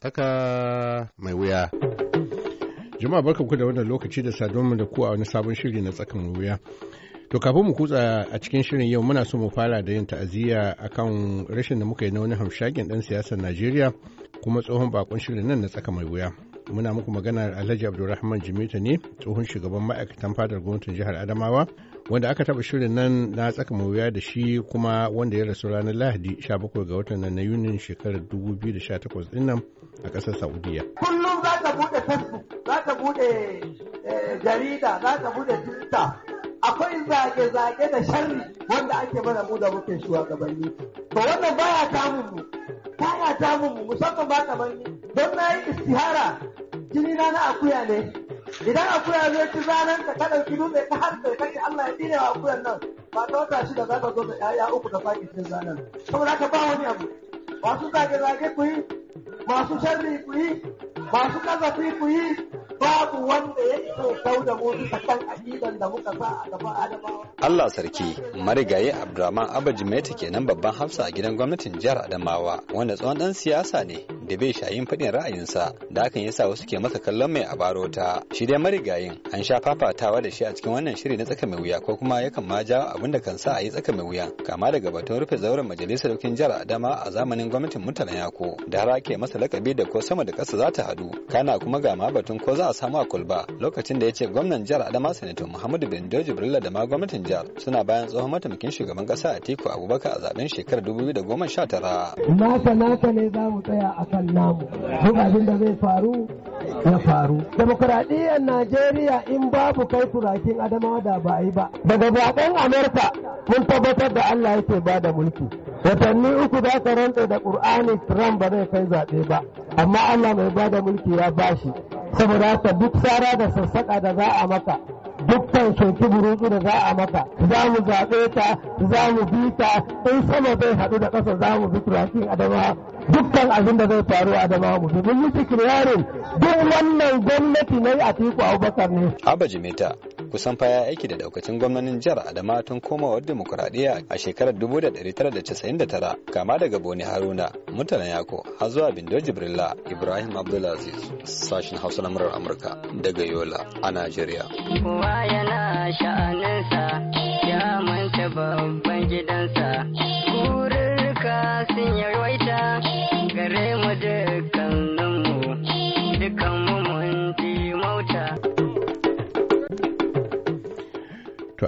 Tsaka mai wuya. Jama'a barkanku da wannan lokaci da saduwanmu da ku a wani sabon shiri na tsakan mai wuya. To kafin mu kutsa a cikin shirin yau muna so mu fara da yin ta'aziyya akan rashin da muka yi na wani hamshakin dan siyasar Najeriya kuma tsohon bakon shirin nan na tsaka mai wuya. Muna muku maganar Alhaji Abdulrahman Jimita ne tsohon shugaban ma'aikatan fadar gwamnatin jihar Adamawa wanda aka taba shirin nan na tsaka mawuya da shi kuma wanda ya rasu ranar lahadi 17 ga watan nan na yunin shekarar 2018 din nan a ƙasar saudiya kullum za ta bude facebook za ta bude eh, jarida za ta bude twitter akwai zage-zage da sharri wanda ake mana mu da muke shugabanni to wannan baya tamun mu baya tamun mu musamman ba kamar ni don na yi istihara jini na na akuya ne idan akuya zai ci zanen ka kada ki dube ta har sai kai Allah ya dina wa akuyan nan ba ta wata shi da zaka zo da ƴaƴa uku da faki cikin zanen saboda haka ba wani abu masu zage-zage ku yi masu sharri ku yi masu kazafi ku yi babu wanda ya iso sau da mu bisa kan da muka sa a gaba Adamawa. Allah sarki marigayi Abdurrahman Abaji Maita kenan babban hafsa a gidan gwamnatin jihar Adamawa wanda tsohon ɗan siyasa ne da bai shayin faɗin ra'ayinsa da hakan sa wasu ke masa kallon mai abarota shi dai marigayin an sha fafatawa da shi a cikin wannan shiri na tsaka mai wuya ko kuma yakan ma ja abin da kan sa a yi tsaka mai wuya kama daga batun rufe zauren majalisar dokin jihar Adama a zamanin gwamnatin mutanen Yako da har ake masa lakabi da ko sama da ƙasa za ta hadu kana kuma ga ma batun ko za a samu a kulba lokacin da ya ce gwamnan jihar Adama sanato Muhammadu doji birla da ma gwamnatin jihar suna bayan tsohon mataimakin shugaban ƙasa Atiku Abubakar a zaben shekarar 2019 na sanata ne za mu tsaya a kan namu duk abin da zai faru ya faru demokuraɗiyyar najeriya in babu kai turakin adamawa da ba a yi ba daga zaben amurka mun tabbatar da allah yake ba da mulki watanni uku za ka rantse da ƙur'ani trump ba zai kai zaɓe ba amma allah mai ba da mulki ya bashi saboda haka duk sara da sassaƙa da za a maka dukkan soki burutu da za a mata za mu zaɓe ta za mu bi ta in sama zai haɗu da ƙasa za mu bi turakin adama dukkan abin da zai faru a adama mu bi mun yi sikirin duk wannan gwamnati na yi a tiku abubakar ne. Abba Jimeta kusan fa ya aiki da daukacin gwamnanin jihar Adama tun komawar demokuraɗiyya a shekarar 1999 kama daga Boni Haruna, Mutanen Yako, har zuwa Bindo Jibrilla, Ibrahim Abdulaziz, sashen Hausa na murar Amurka daga Yola a Najeriya. Kowa yana sha'aninsa, ya manta babban gidansa, kururruka sun yi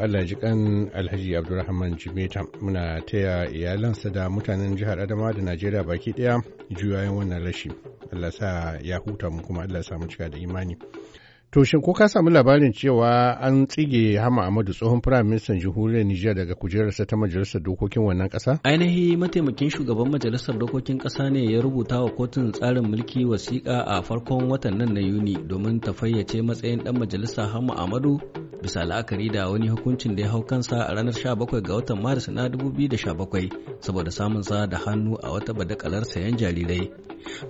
Allah ji kan Alhaji Abdulrahman Jimeta muna taya iyalansa da mutanen jihar Adama da Najeriya baki daya juyayen wannan rashi. Allah sa ya huta mu kuma Allah sa mu cika da imani. To shin ko ka samu labarin cewa an tsige Hama Ahmadu tsohon firaministan jamhuriyar Nijar daga kujerarsa ta majalisar dokokin wannan kasa. Ainihi mataimakin shugaban majalisar dokokin ƙasa ne ya rubuta wa kotun tsarin mulki wasiƙa a farkon watan nan na Yuni domin ta fayyace matsayin ɗan majalisa Hama Ahmadu bisa la'akari da wani hukuncin da ya hau kansa a ranar 17 ga watan Maris na 2017 saboda samunsa da hannu a wata badakalar sayan jarirai.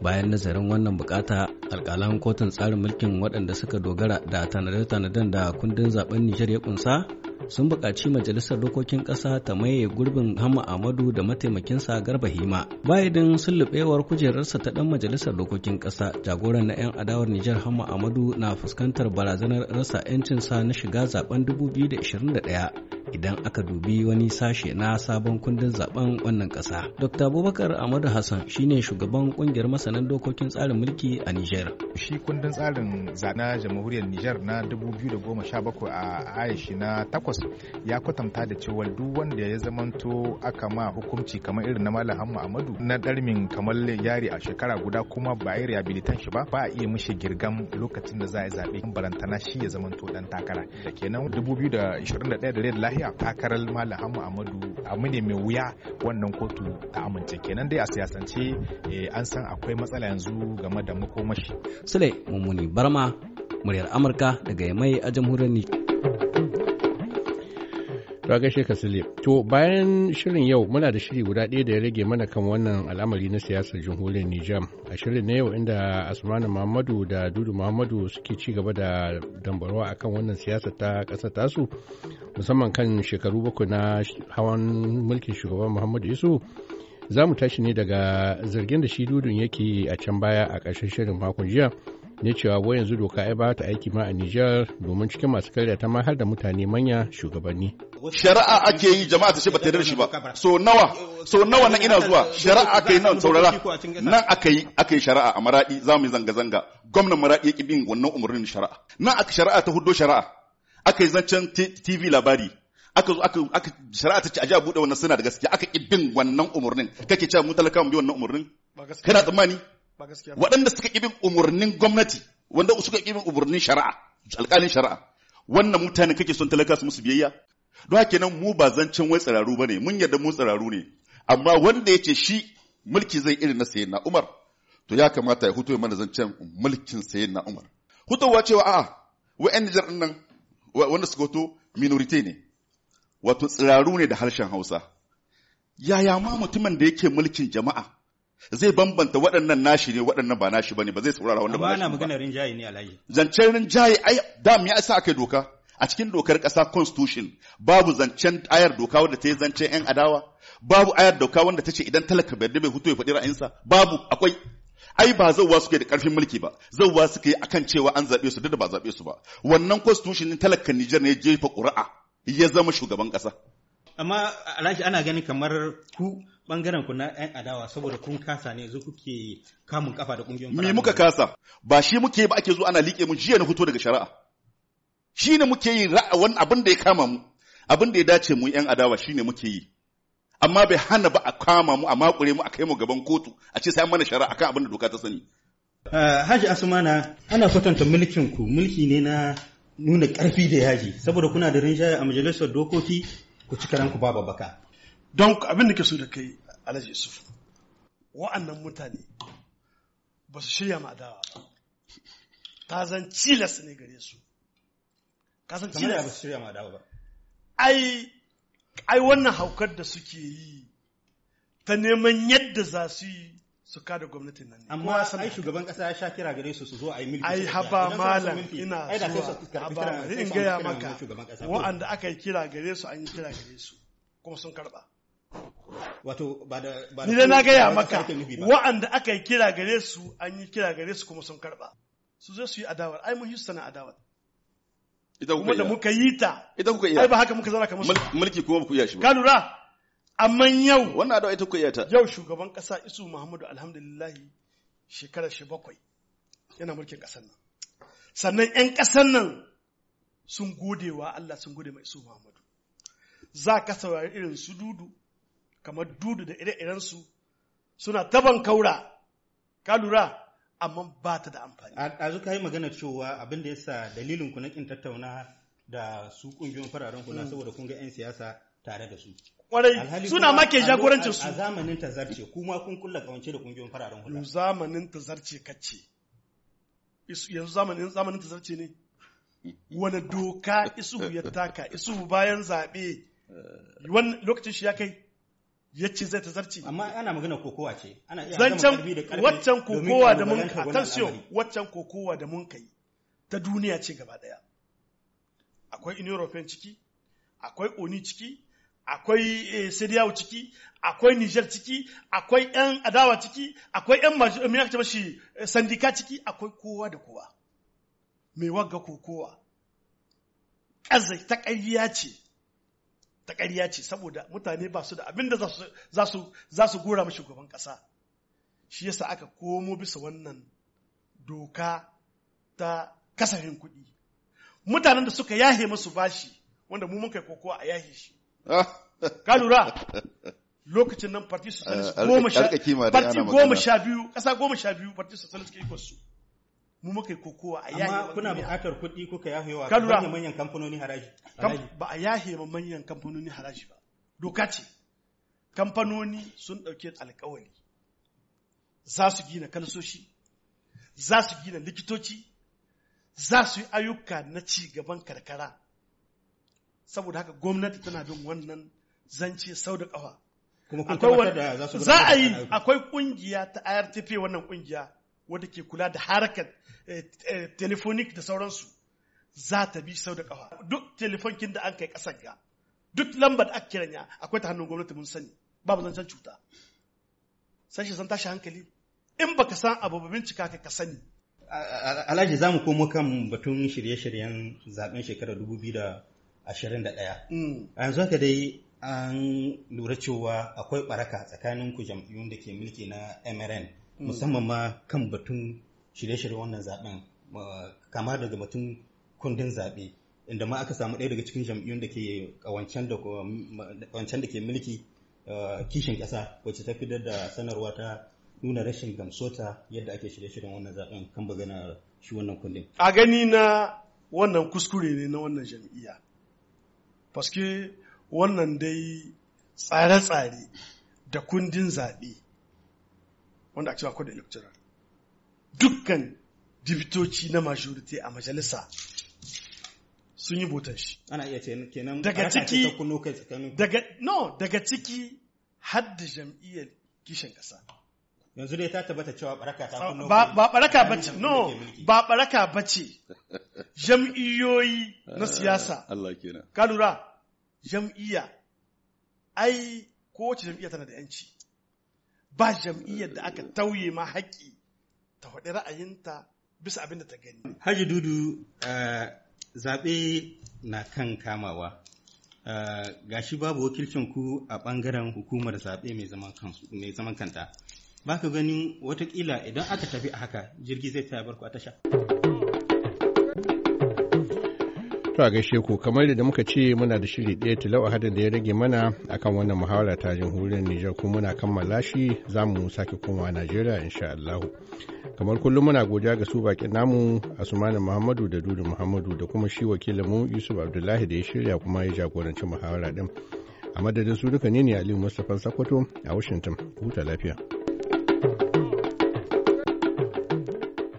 Bayan nazarin wannan bukata alkalan kotun tsarin mulkin waɗanda suka dogara da tanade-tanaden da kundin zaben nijar ya kunsa sun buƙaci majalisar dokokin ƙasa ta maye gurbin hama amadu da mataimakinsa garba hima bayan sulluɓewar kujerarsa ta ɗan majalisar dokokin ƙasa jagoran na 'yan adawar nijar hama amadu na fuskantar barazanar rasa 'yancinsa na shiga zaben 2021 idan aka dubi wani sashe na sabon kundin zaben wannan kasa Dr. Abubakar Ahmadu Hassan shine shugaban kungiyar masanan dokokin tsarin mulki a Nijar. Shi kundin tsarin na jamhuriyar Nijar na 2017 a Aishi na takwas ya kwatanta da cewa duk wanda ya zamanto aka ma hukunci kamar irin na Malam Muhammadu na ɗarmin kamar yari a shekara guda kuma ba a yi rehabilitation shi ba ba a iya mishi girgam lokacin da za a zaɓe barantana shi ya zamanto dan takara. Da kenan 2021 da lahiya takarar malam hamu amadu abu ne mai wuya wannan kotu ta amince kenan dai a siyasance eh, an san akwai matsala yanzu game da makomashi sule mummuni barma muryar amurka daga yamai a jamhuriyar Ra gaishe ka Sule. To bayan shirin yau muna da shiri guda ɗaya da ya rage mana kan wannan al'amari na siyasar jamhuriyar Nijar. A shirin na yau inda Asmanu Muhammadu da Dudu Muhammadu suke ci gaba da dambarwa akan wannan siyasar ta ƙasa tasu musamman kan shekaru bakwai na hawan mulkin shugaban Muhammadu Yusuf. Za mu tashi ne daga zargin da shi dudun yake a can baya a ƙarshen shirin makon jiya. ne cewa wai yanzu doka ai ba ta aiki ma a Nijar domin cikin masu karya ta ma har da mutane manya shugabanni. Shari'a ake yi jama'a ta ce ba ta yarda shi ba. So nawa so nawa nan ina zuwa shari'a aka yi nan saurara nan aka yi aka yi shari'a a maraɗi za mu yi zanga zanga gwamnan maraɗi ya ki bin wannan umarnin shari'a. Nan aka shari'a ta huddo shari'a aka yi zancen TV labari aka zo aka aka shari'a ta ce a ji a buɗe wannan suna da gaskiya aka ki bin wannan umarnin kake cewa mu talaka mu bi wannan umarnin kana tsammani waɗanda suka ƙi bin umarnin gwamnati wanda suka ƙi bin umarnin shari'a alƙalin shari'a wannan mutane kake son talaka su musu biyayya don haka nan mu ba zancen wai ba ne, mun yarda mu tsararu ne amma wanda yace shi mulki zai irin na na Umar to ya kamata ya huto mana zancen mulkin na Umar hutowa cewa a'a wa'yan Nijar nan wanda suka hoto minority ne wato tsirarru ne da harshen Hausa yaya ma mutumin da yake mulkin jama'a zai bambanta waɗannan nashi ne waɗannan ba nashi bane ba zai saurara wanda ba ana maganar rinjaye ne alhaji zancen rinjaye ai da me yasa aka doka a cikin dokar ƙasa constitution babu zancen ayar doka wanda ta yi zancen yan adawa babu ayar doka wanda ta ce idan talaka bai da bai hutu ya faɗi ra'ayinsa babu akwai ai ba zauwa suke da ƙarfin mulki ba zauwa suke akan cewa an zaɓe su duk da ba zaɓe su ba wannan constitution ɗin talaka Nijar ne jefa ƙuri'a ya zama shugaban ƙasa amma alhaji ana gani kamar ku bangaren ku na yan adawa saboda kun kasa ne zuku kuke kamun kafa da kungiyoyin me muka kasa ba shi muke ba ake zo ana liƙe mu jiya na hutu daga shari'a shine muke yi ra'awan abin da ya kama mu abin da ya dace mu yan adawa shine muke yi amma bai hana ba a kama mu a makure mu a kai mu gaban kotu a ce sai mana shari'a akan abin da doka ta sani eh, Haji Asumana ana kwatanta mulkin ku mulki ne na nuna ƙarfi da yaji saboda kuna da rinjaye a majalisar dokoki ku ci karanku babu baka don abin da ke so da kai alhaji yusuf wa'annan mutane ba su shirya ma adawa ba ta zan cilas ne gare su ka san cilas ba su shirya ma adawa ba ai ai wannan haukar da suke yi ta neman yadda za su yi su kada gwamnatin nan ne amma ai shugaban kasa ya sha kira gare su su zo a yi milki ai haba malam ina zuwa haba in gaya maka wa'anda aka yi kira gare su an yi kira gare su kuma sun karba wato da na gaya maka wa'anda aka yi kira gare su an yi kira gare su kuma sun karba su zai su yi adawar ai mun Houston adawar ita kuma da muka yi ta ita kuka iya ai ba haka muka zara kamar mulki kuma ku iya shi ba ka lura amma yau wannan adawa ita kuka iya ta yau shugaban kasa Isu Muhammadu alhamdulillah shekarar shi bakwai yana mulkin kasar nan sannan 'yan ƙasar nan sun gode wa Allah sun gode mai Isu Muhammadu za ka saurari irin su dudu kamar dudu da ire-irensu suna taban kaura ka lura amma ba ta da amfani. Ɗazu ka yi magana cewa abin da ya sa dalilin ku na ƙin tattauna da su ƙungiyoyin fararen kuna mm. saboda kun ga 'yan siyasa tare da su. Kwarai suna ma ke jagorancin su. A zamanin ta zarce kuma kun kulla kawance da ƙungiyoyin fararen hula. Zamanin ta zarce kacce. Yanzu zamanin zamanin ta zarce ne. Wani doka isu ya taka isu bayan zaɓe. Eh. Lokacin shi ya kai ya ce zai ta zarci amma ana magana kokowa ce ana iya zancen waccan kokowa da mun attention waccan kokowa da mun kai ta duniya ce gaba daya akwai in european ciki akwai oni ciki akwai siriyawa eh, ciki akwai niger ciki akwai yan adawa ciki akwai yan majalisar shi eh, sandika ciki akwai kowa da kowa mai wagga kokowa ƙazai ta ƙarya ce ta ƙarya ce saboda mutane ba su da abin da za su gora ma shugaban ƙasa shi yasa aka komo bisa wannan doka ta kasafin kuɗi mutanen da suka yahe masu bashi wanda mu muka kokowa a yahe shi ka lura lokacin nan party socialist goma sha biyu ƙasa goma sha biyu party socialist ke ikon mu muka yi kokowa a yahe amma kuna buƙatar kuɗi ka yahe wa manyan manyan kamfanoni haraji ba a yahe ba manyan kamfanoni haraji ba doka ce kamfanoni sun ɗauke alƙawari za su gina kansoshi za su gina likitoci za su yi ayyuka na ci gaban karkara saboda haka gwamnati tana bin wannan zance sau da ƙafa za a yi akwai kungiya ta irtp wannan kungiya wadda ke kula da harakar eh, eh, telefonik da sauransu za ta bi sau da kafa duk telefonkin da an kai kasar ga duk lambar da aka kiranya akwai ta hannun gwamnati mun sani babu zancen cuta sai shi san tashi hankali in baka san abu ba bincika ka sani alhaji za mu komo kan batun shirye-shiryen zaben shekarar 2021 mm. a yanzu haka dai an lura cewa akwai baraka tsakanin ku jam'iyyun da ke mulki na mrn musamman ma kan batun shirye-shiryen wannan zaben kama daga batun kundin zaɓe inda ma aka samu ɗaya daga cikin jam'iyyun da ke kawancen da ke mulki kishin ƙasa wacce ta fitar da sanarwa ta nuna rashin gamsota yadda ake shirye-shiryen wannan zaben kan bagana shi wannan kundin. A gani na wannan kuskure ne na wannan jam'iyya. Paske wannan dai tsare-tsare da kundin zaɓe wanda a cewa kwada da electoral dukkan dibitoci na majority a majalisa sun yi botan shi ana iya ce kenan daga ciki daga no daga ciki hadda jam'iyyar kishin kasa yanzu dai ta tabbata cewa baraka ta kunno ba baraka bace no ba baraka bace jam'iyyoyi na ah, siyasa Allah kenan ka lura jam'iyya ai kowace jam'iyya tana da yanci ba jam'iyyar da aka tauye ma haƙƙi ta faɗi ra'ayinta bisa abin da ta gani. Haji Dudu eh, zaɓe na kan kamawa. Eh, ga shi babu wakilcin ku a ɓangaren hukumar zaɓe mai zaman kanta. Ba ka ganin watakila idan aka tafi a haka jirgi zai taya barku a tasha. To a gaishe ku kamar da muka ce muna da shiri ɗaya tilau hadin da ya rage mana akan wannan muhawara ta jamhuriyar Nijar kuma muna kammala shi za mu sake komawa Najeriya insha Allah. Kamar kullum muna godiya ga su bakin namu Asmanu Muhammadu da Dudu Muhammadu da kuma shi wakilinmu Yusuf Abdullahi da ya shirya kuma ya jagoranci muhawara din. A madadin su duka ne ne Aliyu Mustapha Sakwato a Washington. Huta lafiya.